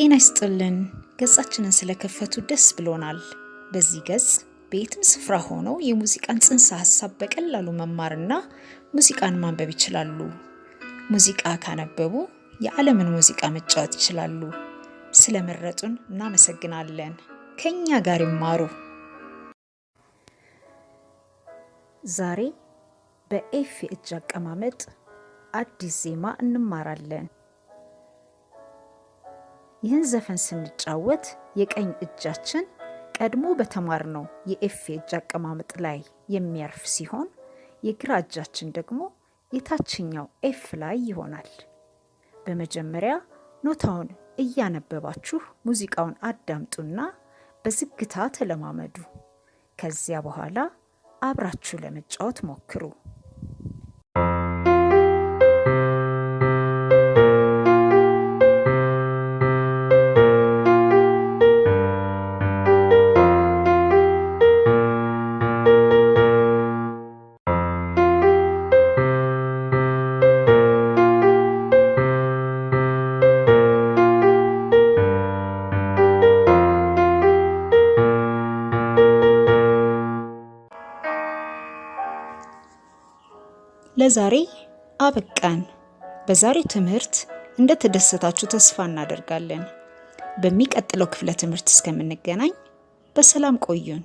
ጤና ይስጥልን። ገጻችንን ስለከፈቱ ደስ ብሎናል። በዚህ ገጽ በየትም ስፍራ ሆነው የሙዚቃን ጽንሰ ሀሳብ በቀላሉ መማርና ሙዚቃን ማንበብ ይችላሉ። ሙዚቃ ካነበቡ የዓለምን ሙዚቃ መጫወት ይችላሉ። ስለመረጡን እናመሰግናለን። ከኛ ጋር ይማሩ። ዛሬ በኤፍ የእጅ አቀማመጥ አዲስ ዜማ እንማራለን። ይህን ዘፈን ስንጫወት የቀኝ እጃችን ቀድሞ በተማርነው የኤፍ የእጅ አቀማመጥ ላይ የሚያርፍ ሲሆን የግራ እጃችን ደግሞ የታችኛው ኤፍ ላይ ይሆናል። በመጀመሪያ ኖታውን እያነበባችሁ ሙዚቃውን አዳምጡና በዝግታ ተለማመዱ። ከዚያ በኋላ አብራችሁ ለመጫወት ሞክሩ። ለዛሬ አበቃን። በዛሬው ትምህርት እንደተደሰታችሁ ተስፋ እናደርጋለን። በሚቀጥለው ክፍለ ትምህርት እስከምንገናኝ በሰላም ቆዩን።